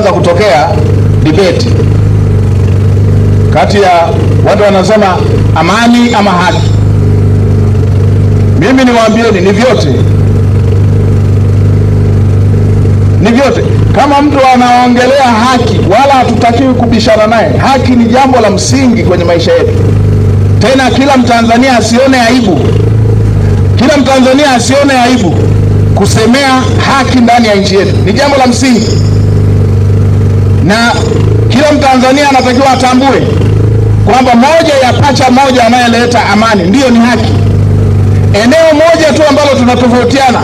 ilianza kutokea debate kati ya watu wanasema amani ama haki. Mimi niwaambieni, ni vyote, ni vyote. Kama mtu anaongelea haki, wala hatutakiwi kubishana naye. Haki ni jambo la msingi kwenye maisha yetu, tena kila Mtanzania asione aibu, kila Mtanzania asione aibu kusemea haki ndani ya nchi yetu, ni jambo la msingi na kila Mtanzania anatakiwa atambue kwamba moja ya pacha moja anayeleta amani ndiyo ni haki. Eneo moja tu ambalo tunatofautiana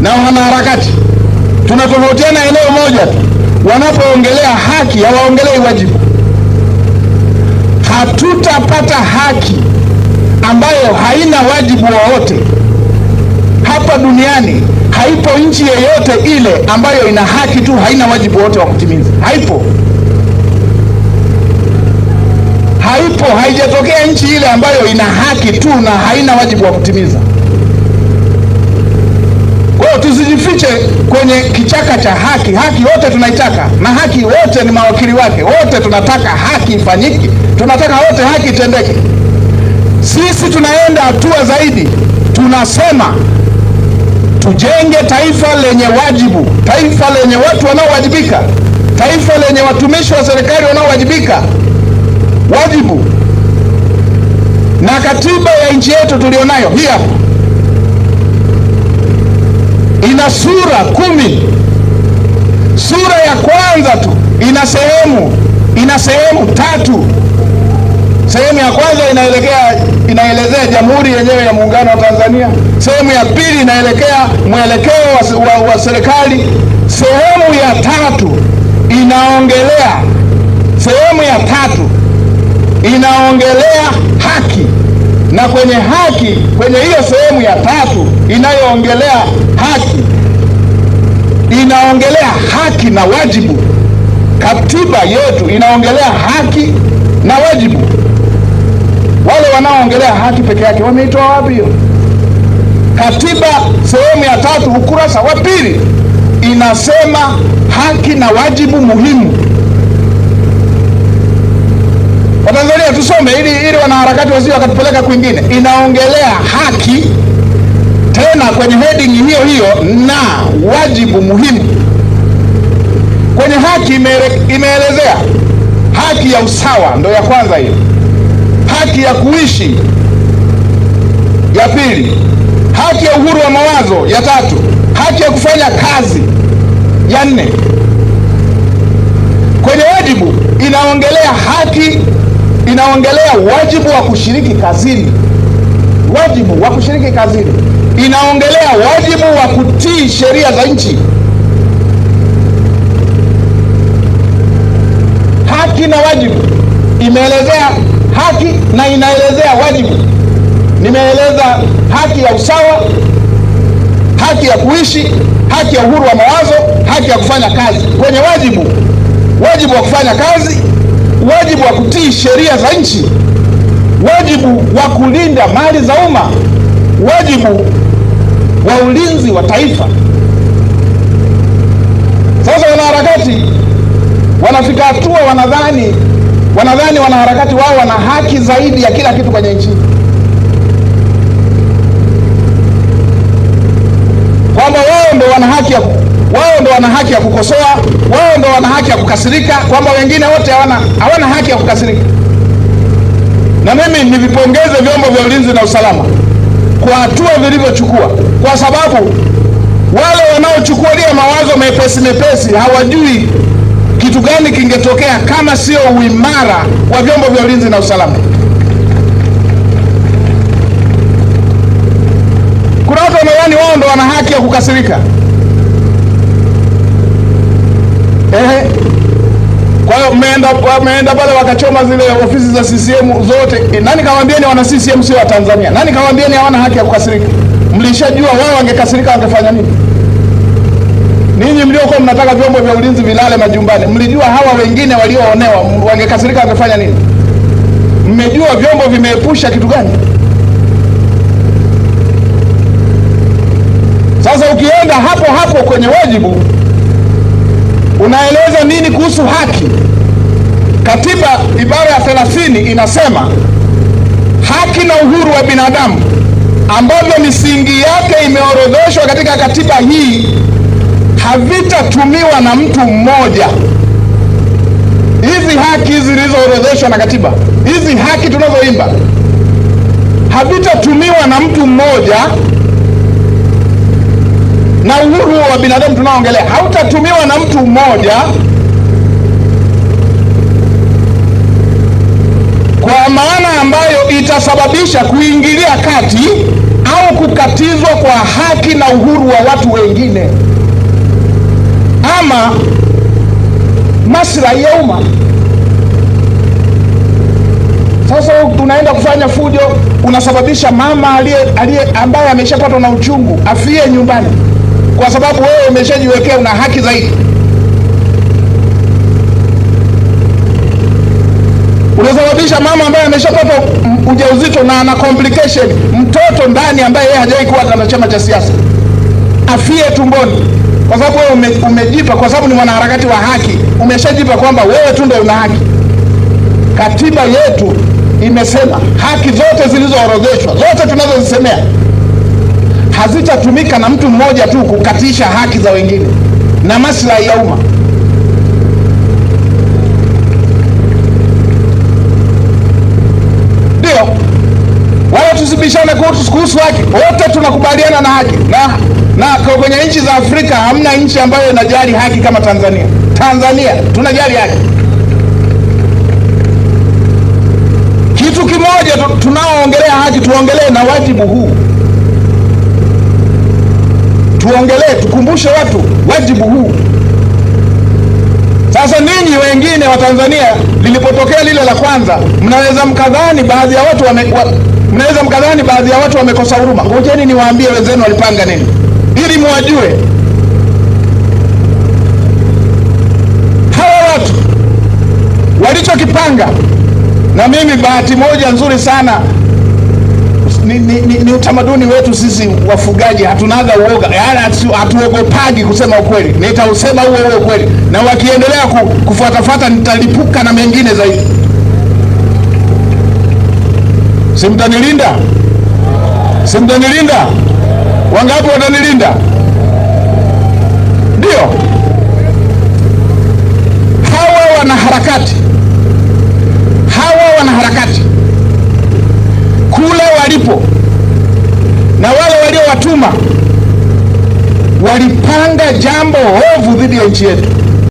na wanaharakati, tunatofautiana eneo moja tu, wanapoongelea haki hawaongelei wajibu. Hatutapata haki ambayo haina wajibu wowote hapa duniani. Haipo nchi yoyote ile ambayo ina haki tu haina wajibu wote wa kutimiza. Haipo, haipo, haijatokea nchi ile ambayo ina haki tu na haina wajibu wa kutimiza. Kwa hiyo tusijifiche kwenye kichaka cha haki. Haki wote tunaitaka, na haki wote ni mawakili wake, wote tunataka haki ifanyike, tunataka wote haki itendeke. Sisi tunaenda hatua zaidi, tunasema Tujenge taifa lenye wajibu, taifa lenye watu wanaowajibika, taifa lenye watumishi wa serikali wanaowajibika, wajibu. Na katiba ya nchi yetu tulionayo hii hapa ina sura kumi. Sura ya kwanza tu ina sehemu ina sehemu tatu Sehemu ya kwanza inaelekea inaelezea jamhuri yenyewe ya muungano wa Tanzania, sehemu ya pili inaelekea mwelekeo wa, wa, wa serikali, sehemu ya tatu inaongelea sehemu ya tatu inaongelea haki na kwenye haki, kwenye hiyo sehemu ya tatu inayoongelea haki inaongelea haki na wajibu. Katiba yetu inaongelea haki na wajibu. Wale wanaoongelea haki peke yake wameitoa wapi hiyo? Katiba sehemu ya tatu ukurasa wa pili inasema haki na wajibu muhimu. Watanzania tusome ili ili wanaharakati wasio wakatupeleka kwingine. Inaongelea haki tena kwenye heading hiyo hiyo na wajibu muhimu. Kwenye haki imeelezea haki ya usawa, ndo ya kwanza hiyo haki ya kuishi ya pili, haki ya uhuru wa mawazo ya tatu, haki ya kufanya kazi ya nne. Kwenye wajibu inaongelea haki, inaongelea wajibu wa kushiriki kazini, wajibu wa kushiriki kazini, inaongelea wajibu wa kutii sheria za nchi. Haki na wajibu imeelezea haki na inaelezea wajibu. Nimeeleza haki ya usawa, haki ya kuishi, haki ya uhuru wa mawazo, haki ya kufanya kazi. Kwenye wajibu, wajibu wa kufanya kazi, wajibu wa kutii sheria za nchi, wajibu wa kulinda mali za umma, wajibu wa ulinzi wa taifa. Sasa wanaharakati wanafika hatua wanadhani wanadhani wanaharakati wao wana haki zaidi ya kila kitu kwenye nchi, kwamba wao ndo wana haki ya wao ndo wana haki ya kukosoa, wao ndo wana haki ya kukasirika, kwamba wengine wote hawana hawana haki ya kukasirika. Na mimi nivipongeze vyombo vya ulinzi na usalama kwa hatua vilivyochukua, kwa sababu wale wanaochukulia mawazo mepesi mepesi hawajui kitu gani kingetokea kama sio uimara wa vyombo vya ulinzi na usalama? Kuna watu wanadhani wao ndo wana haki ya kukasirika. Ehe, kwa hiyo mmeenda pale wakachoma zile ofisi za CCM zote. E, nani kawaambieni wana CCM sio wa Tanzania? Nani kawaambieni hawana haki ya kukasirika? Mlishajua wao wangekasirika wangefanya nini? Ninyi mliokuwa mnataka vyombo vya ulinzi vilale majumbani, mlijua hawa wengine walioonewa wangekasirika, wangefanya nini? Mmejua vyombo vimeepusha kitu gani? Sasa ukienda hapo hapo kwenye wajibu, unaeleza nini kuhusu haki? Katiba ibara ya thelathini inasema haki na uhuru wa binadamu, ambavyo misingi yake imeorodheshwa katika katiba hii havitatumiwa na mtu mmoja. Hizi haki hizi zilizoorodheshwa na katiba, hizi haki tunazoimba, havitatumiwa na mtu mmoja, na uhuru wa binadamu tunaoongelea hautatumiwa na mtu mmoja kwa maana ambayo itasababisha kuingilia kati au kukatizwa kwa haki na uhuru wa watu wengine kama maslahi ya umma. Sasa tunaenda kufanya fujo, unasababisha mama aliye aliye ambaye ameshapatwa na uchungu afie nyumbani, kwa sababu wewe umeshajiwekea una haki zaidi. Unasababisha mama ambaye ameshapata ujauzito na ana complication mtoto ndani ambaye yeye hajawahi kuwa na chama cha siasa afie tumboni kwa sababu wewe ume, umejipa kwa sababu ni mwanaharakati wa haki, umeshajipa kwamba wewe tu ndio una haki. Katiba yetu imesema haki zote zilizoorodheshwa zote tunazozisemea hazitatumika na mtu mmoja tu kukatisha haki za wengine na maslahi ya umma. Ndio wala tusibishane kuhusu haki, wote tunakubaliana na haki na na kwa kwenye nchi za Afrika hamna nchi ambayo inajali haki kama Tanzania. Tanzania tunajali haki. Kitu kimoja tunaoongelea haki, tuongelee na wajibu huu, tuongelee, tukumbushe watu wajibu huu. Sasa ninyi wengine wa Tanzania, lilipotokea lile la kwanza, mnaweza mkadhani baadhi ya watu wame, wa, mnaweza mkadhani baadhi ya watu wamekosa huruma. Ngojeni niwaambie wenzenu walipanga nini walimu wajue hawa watu walichokipanga. Na mimi bahati moja nzuri sana ni, ni, ni, ni utamaduni wetu sisi wafugaji, hatunaga uoga, yaani hatuogopagi kusema ukweli. Nitausema huo huo ukweli, na wakiendelea kufuatafuata nitalipuka na mengine zaidi. simtanilinda simtanilinda Wangapi watanilinda? Ndio hawa wanaharakati, hawa wanaharakati kule walipo na wale waliowatuma walipanga jambo ovu dhidi ya nchi yetu.